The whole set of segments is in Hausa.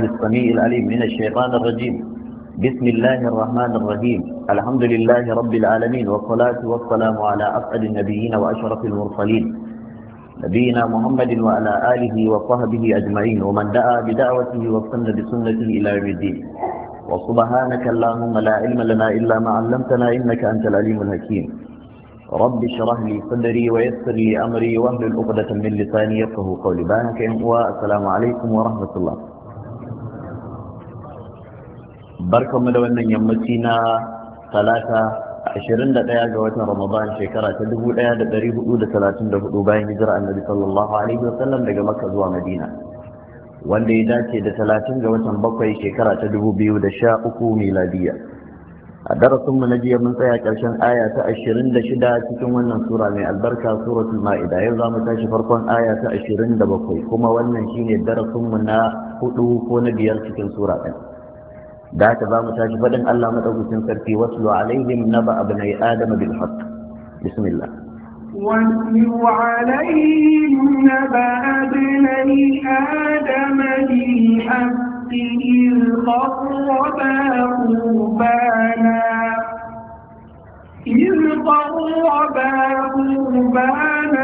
السميع العليم من الشيطان الرجيم بسم الله الرحمن الرحيم الحمد لله رب العالمين والصلاة والسلام على أسعد النبيين وأشرف المرسلين نبينا محمد وعلى آله وصحبه أجمعين ومن دعا بدعوته وصن بسنته إلى يوم الدين وسبحانك اللهم لا علم لنا إلا ما علمتنا إنك أنت العليم الحكيم رب شرح لي صدري ويسر لي أمري وهل الأقدة من لساني يفقه قولي بانك السلام عليكم ورحمة الله barkanmu da wannan yammaci na talata 21 ga watan ramadan shekara ta 1434 bayan hijira annabi sallallahu alaihi wa sallam, daga makka zuwa madina wanda ya dace da 30 ga watan bakwai shekara ta 2013 miladiya a darasinmu na jiya mun tsaya ƙarshen aya ta 26 cikin wannan sura mai albarka suratul ma'ida yau za mu tashi farkon aya ta 27 kuma wannan shine darasinmu na hudu ko na biyar cikin sura ɗin da ta za mu tashi faɗin Allah madaukakin sarki waslu alaihim naba abnai adama bil haqq bismillah واتل عليهم نبأ ابني آدم بالحق إذ قربا قربانا إذ قربا قربانا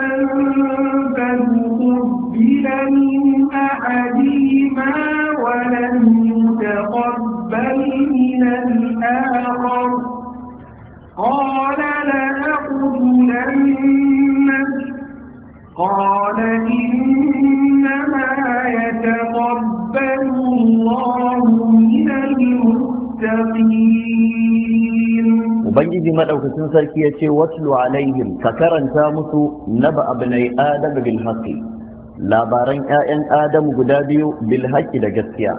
قال لأقتلنك قال إنما يتقبل الله من المتقين Ubangiji maɗaukacin sarki ya ce watlu alaihim ka karanta musu naba abnai adam bil haqqi labaran 'ya'yan adamu guda biyu bil haqqi da gaskiya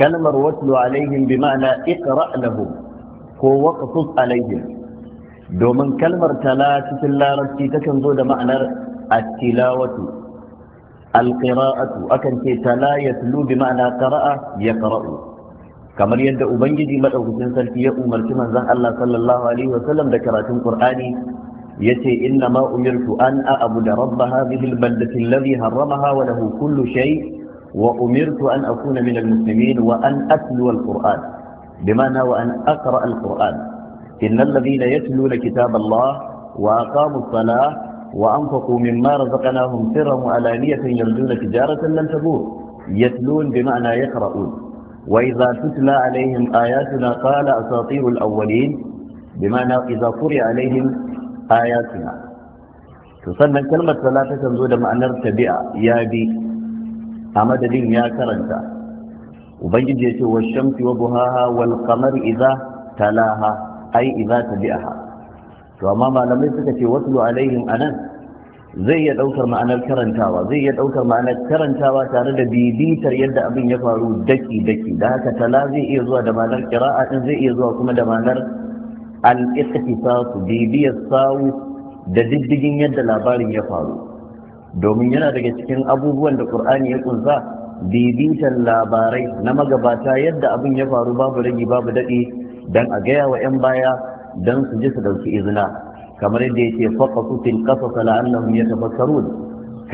kalmar watlu alaihim bi ma'ana iqra lahum ko waqsus alaihim domin kalmar tala cikin larabci takan zo da ma'anar at-tilawatu al-qira'atu akan ce tala yatlu bi ma'ana ya yaqra'u kamar yadda ubangiji madaukakin sarki ya umarci manzon Allah sallallahu alaihi wasallam da karatun qur'ani yace inna ma umirtu an a'budu rabba hadhihi al-baldati alladhi harramaha wa lahu kullu shay wa umirtu an akuna min al-muslimin wa an atlu al-qur'an بمعنى وأن أقرأ القرآن إن الذين يتلون كتاب الله وأقاموا الصلاة وأنفقوا مما رزقناهم سرا وعلانية يرجون تجارة لن تبور يتلون بمعنى يقرؤون وإذا تتلى عليهم آياتنا قال أساطير الأولين بمعنى إذا قرئ عليهم آياتنا تصنع كلمة صلاة تنزول معنى ارتبئة يا بي أمد يا كرنتا ubangiji ce wa shamsi wa buhaha wal qamari idza talaha ai idza tabi'aha to amma malamai suka ce waslu alaihim anan zai iya daukar ma'anar karantawa zai iya daukar ma'anar karantawa tare da bibitar yadda abin ya faru daki daki da haka tala zai iya zuwa da ma'anar qira'a din zai iya zuwa kuma da ma'anar al-iqtisas bibiyar sawu da diddigin yadda labarin ya faru domin yana daga cikin abubuwan da qur'ani ya kunsa bibitan labarai na magabata yadda abin ya faru babu ragi babu daɗi don a gaya wa 'yan baya don su ji su ɗauki izina kamar yadda yake faƙasu fil ƙasasa la'annahum yatafakkarun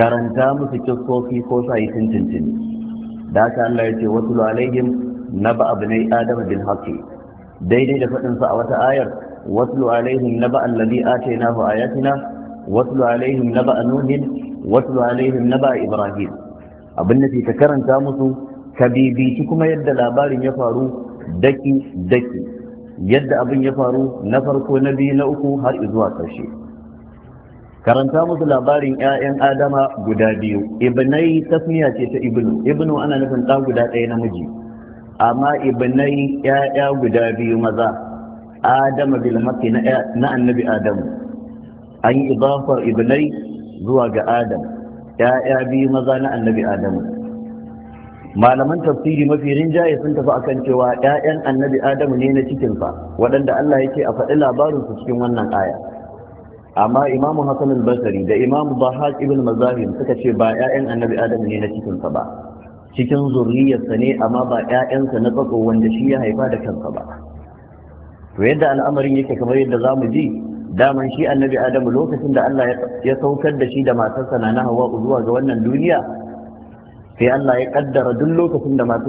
karanta musu kiskofi ko sa yi tintintin da haka Allah ya ce wasu alaihim naba abnai adama bil haqqi daidai da faɗin sa a wata ayar wasu alaihim naba alladhi atainahu ayatina wasu alaihim naba nuhin wasu alaihim naba ibrahim abin nufi ka karanta musu ka bibici kuma yadda labarin ya faru daki daki yadda abin ya faru na farko na biyu na uku har zuwa ƙarshe karanta musu labarin 'ya'yan adama guda biyu ibnai tasmiya ce ta ibnu ibnu ana nufin ɗa guda ɗaya namiji amma ibnai 'ya'ya guda biyu maza adama bil na annabi adamu an yi idafar ibnai zuwa ga adam ya'ya biyu maza na annabi adamu malaman tafsiri mafi rinjaye sun tafi akan cewa ya'yan annabi adamu ne na cikinsa waɗanda allah yake a faɗi labarinsu cikin wannan aya amma imamu hasan al da imamu bahaq ibn mazahim suka ce ba ya'yan annabi adamu ne na cikinsa ba cikin zurriyarsa ne amma ba ya'yansa na tsako wanda shi ya haifa da kansa ba to yadda al'amarin yake kamar yadda zamu ji daman shi annabi adamu lokacin da Allah ya saukar da shi da matarsa na na hawa zuwa ga wannan duniya sai Allah ya kaddara duk lokacin da masu